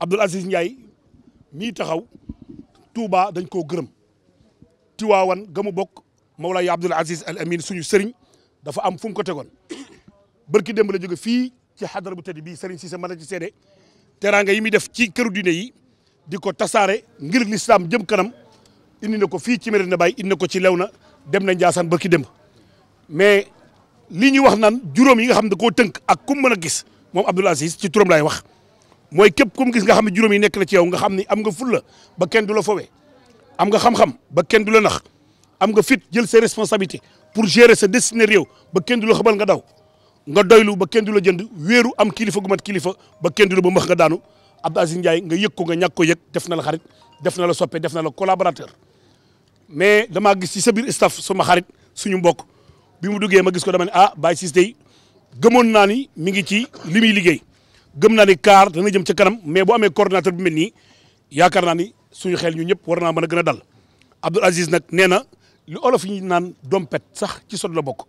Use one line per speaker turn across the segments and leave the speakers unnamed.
Abdoul Aziz Ndiaye mii taxaw Touba dañ koo gërëm Tiwaawan ga mu bokk Mawlaay Abdoul Aziz Al Amin suñu sëriñ dafa am fu mu ko tegoon bërki démb la jóge fii ci xadara bu tëddi bii sëriñ Cissé mën na ci seede teraanga yi muy def ci këru diine yi di ko tasaare ngir lislaam jëm kanam indi na ko fii ci Medina Baye indi na ko ci Léona dem na Ndiassane bërki démb mais li ñuy wax naan juróom yi nga xam ne koo tënk ak ku mën a gis moom Abdoul ci turam laay wax mooy képp comme gis nga xam ne juróom yi nekk na ci yow nga xam ni am nga fulla ba kenn du la fowee am nga xam-xam ba kenn du la nax am nga fit jël ses responsabilités pour gérer sa destinée réew ba kenn du la xabal nga daw nga doylu ba kenn du la jënd wéeru am kilifa gu mat kilifa ba kenn du la ba max nga daanu Abdou Aziz Ndiaye nga yëg ko nga ñàkk ko yëg def na la xarit def na la soppe def na la collaborateur mais damaa gis ci sa biir staff suma xarit suñu mbokk bi mu duggee ma gis ko dama ne ah Baye Ciss day naa ni mi ngi ci li muy liggéey gëm naa ni CAR dana jëm ci kanam mais bu amee coordonnateur bu mel nii yaakaar naa ni suñu xel ñu ñëpp war naa mën a gën a dal Abdoul Aziz nag nee na lu olof yi naan dompet sax ci sot la bokk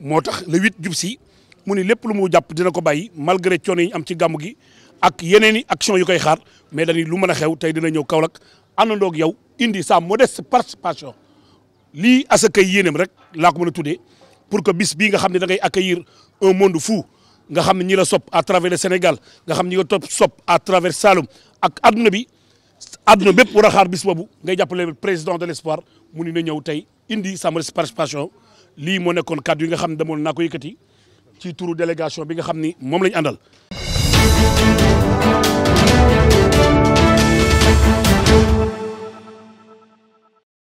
moo tax le huit jub si mu ni lépp lu mu jàpp dina ko bàyyi malgré coono yi ñu am ci gàmm gi ak yeneen i action yu koy xaar mais dañuy lu mën a xew tey dina ñëw Kaolack àndandoo ak yow indi sa modeste participation lii asakay yéeneem rek laa ko mën a tuddee pour que bis bii nga xam ne da ngay accueillir un monde fou nga xam ñi la sop à travers le Sénégal nga xam ñi nga topp à travers Saloum ak aduna bi aduna bëpp wara xaar bis bobu ngay jàppale président de l'espoir mu ni na ñëw tay indi sa participation Li mo nekkoon kàddu yi nga xam ne damoon naa ko yëkkati ci turu délégation bi nga xam ni moom lañu andal